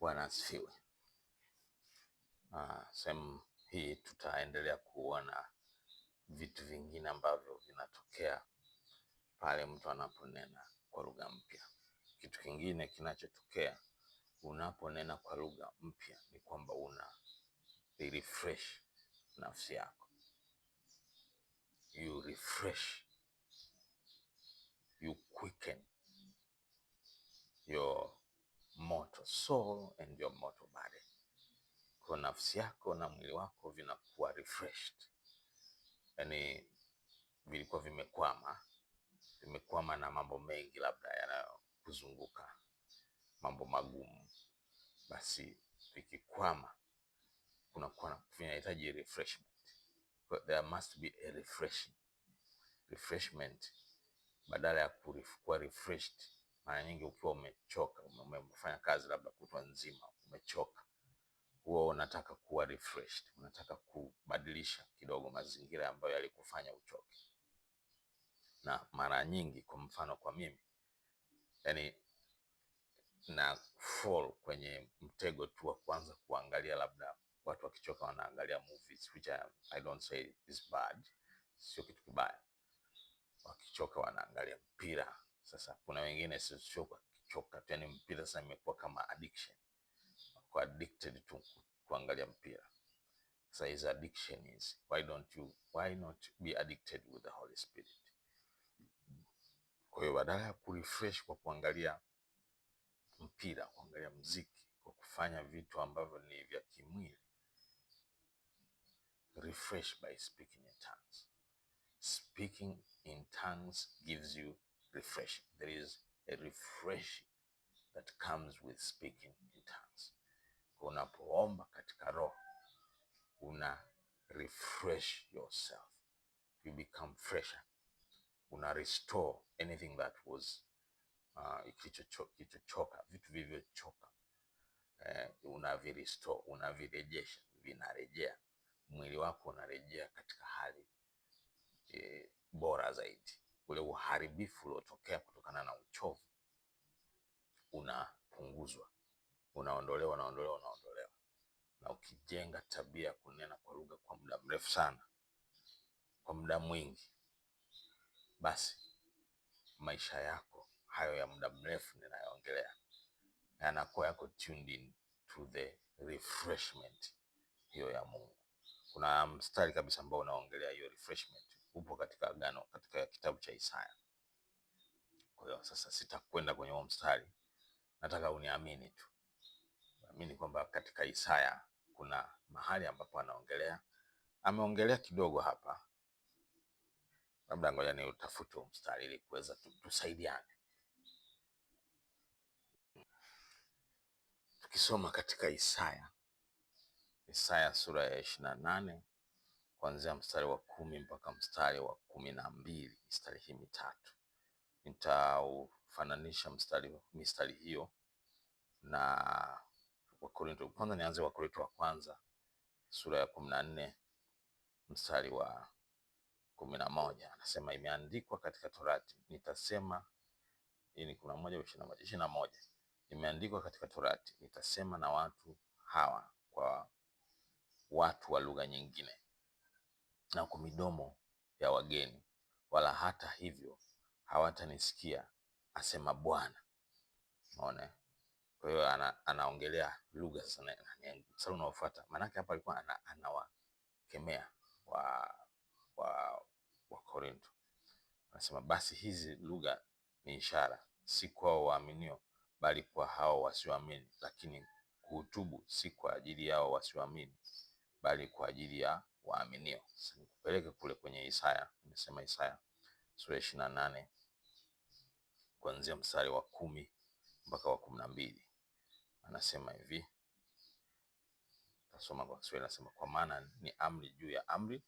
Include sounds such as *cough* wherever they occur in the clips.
Bwana asifiwe. Ah, sehemu hii tutaendelea kuona vitu vingine ambavyo vinatokea pale mtu anaponena kwa lugha mpya. Kitu kingine kinachotokea unaponena kwa lugha mpya ni kwamba una refresh nafsi yako, you refresh, you quicken your moto, soul and your mortal body. Kwa nafsi yako na mwili wako vinakuwa refreshed, yani vilikuwa vimekwama, vimekwama na mambo mengi labda yanayokuzunguka, mambo magumu, basi vikikwama kunakuwa vinahitaji refreshment. But there must be a refreshing refreshment, badala ya kuwa refreshed mara nyingi ukiwa umechoka, umefanya kazi labda kutwa nzima, umechoka, huwa unataka kuwa refreshed, unataka kubadilisha kidogo mazingira ambayo yalikufanya uchoke. Na mara nyingi kwa mfano kwa mimi, yani na fall kwenye mtego tu wa kuanza kuangalia labda watu wakichoka wanaangalia movies which I don't say is bad, sio kitu kibaya. Wakichoka wanaangalia mpira sasa kuna wengine sio kuchoka yani mpira sasa imekuwa kama addiction, kwa addicted tu kuangalia mpira. Sasa hizi addiction is why don't you why not be addicted with the Holy Spirit? Kwa hiyo badala ya kurefresh kwa kuangalia mpira, kuangalia mziki, kwa kufanya vitu ambavyo ni vya kimwili, refresh by speaking in tongues. Speaking in tongues gives you refresh. There is a refresh that comes with speaking in tongues. Kwa unapoomba katika roho una refresh yourself, you become fresher, una restore anything that was uh, kilichochoka, vitu vilivyochoka uh, eh, unavirestore, unavirejesha, vinarejea, mwili wako unarejea katika hali eh, bora zaidi ule uharibifu uliotokea kutokana na uchovu unapunguzwa, unaondolewa, unaondolewa, unaondolewa. Na ukijenga tabia ya kunena kwa lugha kwa muda mrefu sana, kwa muda mwingi, basi maisha yako hayo ya muda mrefu ninayoongelea yanakuwa yako tuned in to the refreshment hiyo ya Mungu. Kuna mstari kabisa ambao unaongelea hiyo refreshment upo katika Agano, katika kitabu cha Isaya. Kwa hiyo sasa sitakwenda kwenye huo mstari, nataka uniamini tu, amini kwamba katika Isaya kuna mahali ambapo anaongelea, ameongelea kidogo hapa, labda ngoja ni utafute huo mstari ili kuweza tusaidiane. Tukisoma katika Isaya, Isaya sura ya ishirini na nane kuanzia mstari wa kumi mpaka mstari wa kumi na mbili. Mistari hii mitatu nitaufananisha mistari hiyo na Wakorinto. Kwanza nianze Wakorinto wa kwanza sura ya kumi na nne mstari wa kumi na moja anasema imeandikwa katika Torati, nitasema hii ni kumi na moja ishirini na moja imeandikwa katika Torati, nitasema na watu hawa kwa watu wa lugha nyingine na kwa midomo ya wageni, wala hata hivyo hawatanisikia, asema Bwana. Unaona, kwa hiyo ana, anaongelea lugha sana. Mstari unaofuata maanake hapa alikuwa ana, anawakemea wa, wa, wa Korinto, anasema basi hizi lugha ni ishara, si kwao waaminio, bali kwa hao wasioamini, lakini kuhutubu si kwa ajili yao wasioamini, bali kwa ajili ya waaminio. Nikupeleke kule kwenye Isaya, nimesema Isaya sura ishirini na nane kuanzia mstari wa kumi mpaka wa kumi na mbili anasema hivi, tasoma kwa Kiswahili, anasema kwa maana ni amri juu ya amri,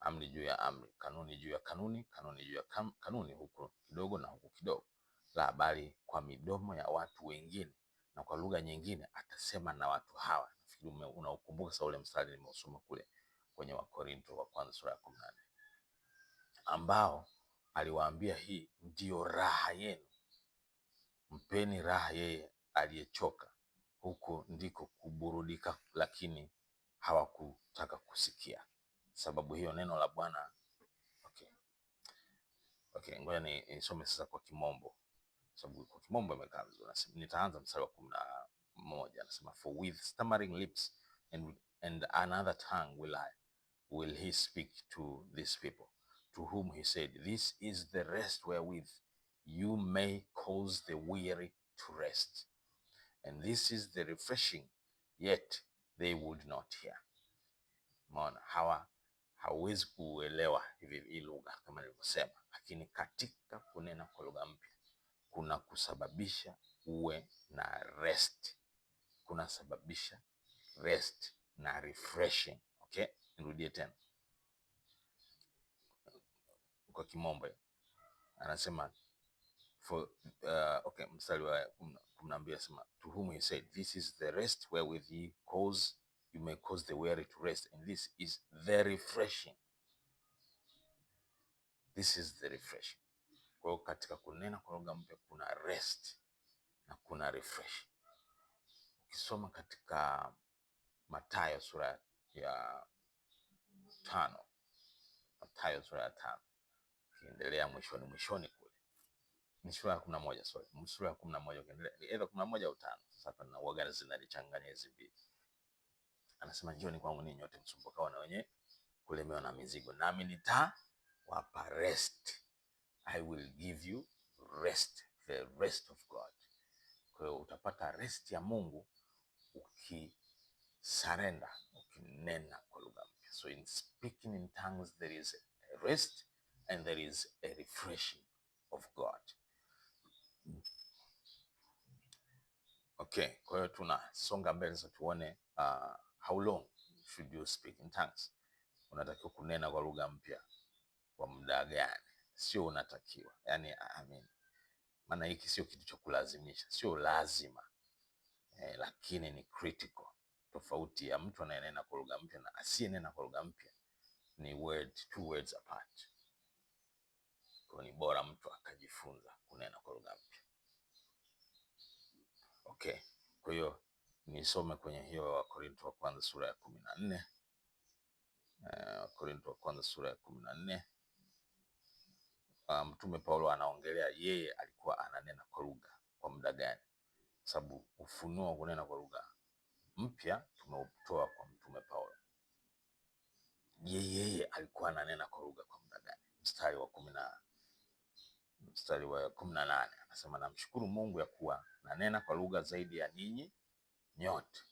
amri juu ya amri, kanuni juu ya kanuni, kanuni juu ya kanuni, huku kidogo na huku kidogo. La habari kwa midomo ya watu wengine na kwa lugha nyingine atasema na watu hawa. Nafikiri unaukumbuka sasa ule mstari nimeusoma kule kwenye Wakorinto wa kwanza sura ya kumi na nne ambao aliwaambia hii ndiyo raha yenu, mpeni raha yeye aliyechoka, huko ndiko kuburudika, lakini hawakutaka kusikia. Sababu hiyo neno la Bwana. Okay, okay, ngoja nisome sasa kwa Kimombo sababu kwa Kimombo imekaa vizuri. Nitaanza mstari wa kumi na moja anasema, for with stammering lips and, and another tongue will lie will he speak to these people, to whom he said, This is the rest wherewith you may cause the weary to rest. And this is the refreshing, yet they would not hear. Maona hawa hawezi kuelewa hivi hii lugha kama nilivyosema, lakini katika kunena kwa lugha mpya kuna kusababisha uwe na rest, kunasababisha rest na refreshing. Okay. Nirudie tena kwa kimombo anasema for, uh, okay, mstari wa kumi na mbili anasema to whom he said this is the rest wherewith ye cause you may cause the weary to rest and this is the refreshing. This is the refreshing. Kwa hiyo katika kunena kwa lugha mpya kuna rest na kuna refresh. Ukisoma katika Mathayo sura ya tano Mathayo sura ya tano ukiendelea mwishoni mwishoni kule ni sura ya kumi na moja sorry, sura ya kumi na moja ukiendelea ni aidha kumi na moja au tano. Sasa hapa na uagana zinalichanganya hizi mbili, anasema njoni kwangu ninyi nyote msumbukao na wenye kulemewa na mizigo, nami nitawapa rest. I will give you rest, the rest of God. Kwa hiyo utapata rest ya Mungu ukisarenda, ukinena kwa lugha So in speaking in tongues, there is rest and there is a refreshing of God. Okay, kwa hiyo tunasonga mbele sasa tuone uh, how long should you speak in tongues? Unatakiwa kunena kwa lugha mpya kwa muda gani? Sio unatakiwa. Yaani I mean, maana hiki sio kitu cha kulazimisha, sio lazima. Eh, lakini ni critical tofauti ya mtu anayenena kwa lugha mpya na asiyenena kwa lugha mpya ni word, two words apart. Kwa ni bora mtu akajifunza kunena kwa lugha mpya. Okay. Kwa hiyo nisome kwenye hiyo Wakorintho wa kwanza sura ya kumi na nne eh, Wakorintho wa kwanza sura ya kumi na nne ah, Mtume Paulo anaongelea yeye alikuwa ananena kwa lugha kwa muda gani, sababu ufunuo wa kunena kwa lugha mpya tumeutoa kwa Mtume Paulo. Je, yeye alikuwa ananena kwa lugha kwa muda gani? Mstari wa kumi na mstari wa kumi na nane anasema namshukuru Mungu ya kuwa nanena kwa lugha zaidi ya ninyi nyote.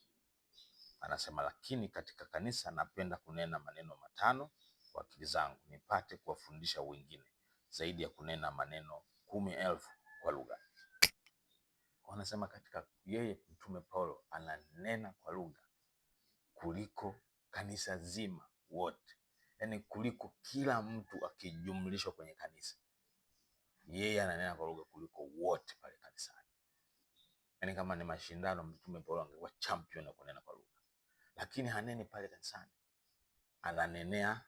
Anasema lakini katika kanisa napenda kunena maneno matano kwa akili zangu, nipate kuwafundisha wengine zaidi ya kunena maneno kumi elfu kwa lugha wanasema katika yeye Mtume Paulo ananena kwa lugha kuliko kanisa zima wote, yaani kuliko kila mtu akijumlishwa kwenye kanisa, yeye ananena kwa lugha kuliko wote pale kanisani. Yaani kama ni mashindano, Mtume Paulo angekuwa champion kunena kwa lugha, lakini haneni pale kanisani, ananenea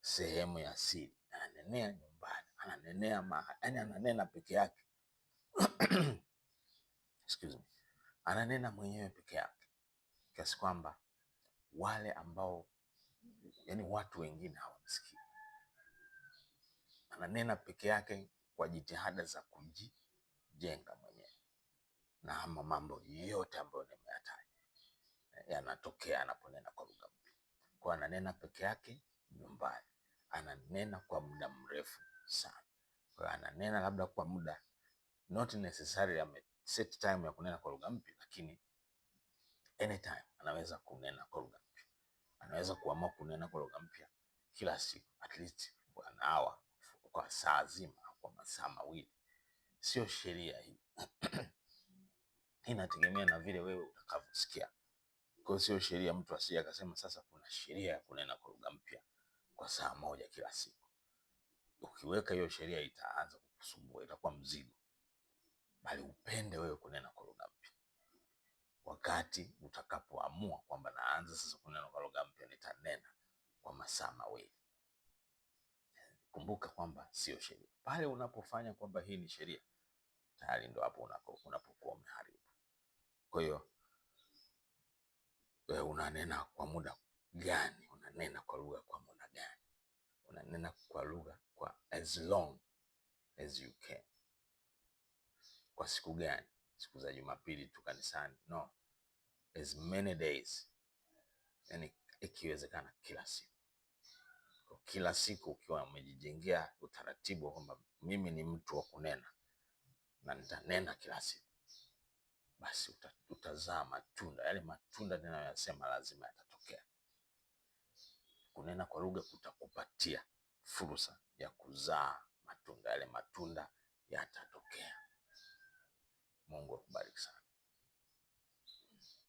sehemu ya siri, ananenea nyumbani, ananenea mahali, yaani ananena peke yake *clears throat* Excuse me. Ananena mwenyewe peke yake kiasi kwamba wale ambao yani watu wengine hawamsikii. Ananena peke yake kwa jitihada za kujijenga mwenyewe, na hama mambo yote ambayo nimeyataja eh, yanatokea anaponena kwa lugha mpya. Kwa ananena peke yake nyumbani, ananena kwa muda mrefu sana. Kwa ananena labda kwa muda not necessarily ame set time ya kunena kwa lugha mpya, lakini anytime anaweza kunena kwa lugha mpya. Anaweza kuamua kunena kwa lugha mpya kila siku at least kwa an hour, kwa saa zima, kwa masaa mawili. Sio sheria hii *clears throat* inategemea na vile wewe utakavyosikia. Kwa sio sheria mtu asije akasema sasa kuna sheria ya kunena kwa lugha mpya kwa saa moja kila siku. Ukiweka hiyo sheria itaanza kukusumbua, itakuwa mzigo bali upende wewe kunena kwa lugha mpya. Wakati utakapoamua kwamba naanza sasa kunena kwa lugha mpya, nitanena kwa masaa mawili. Kumbuka kwamba sio sheria. Pale unapofanya kwamba hii ni sheria, tayari ndo hapo unapokuwa umeharibu. Kwa hiyo wewe unanena kwa muda gani? Unanena kwa lugha kwa muda gani? Unanena kwa lugha kwa as long as you can. Kwa siku gani? Siku za Jumapili tu kanisani? No, as many days, yani ikiwezekana kila siku. Kwa kila siku ukiwa umejijengea utaratibu wa kwamba mimi ni mtu wa kunena na nitanena kila siku, basi uta, utazaa matunda yale. matunda ninayoyasema lazima yatatokea. Kunena kwa lugha kutakupatia fursa ya kuzaa matunda, yale matunda yatatokea. Mungu akubariki sana.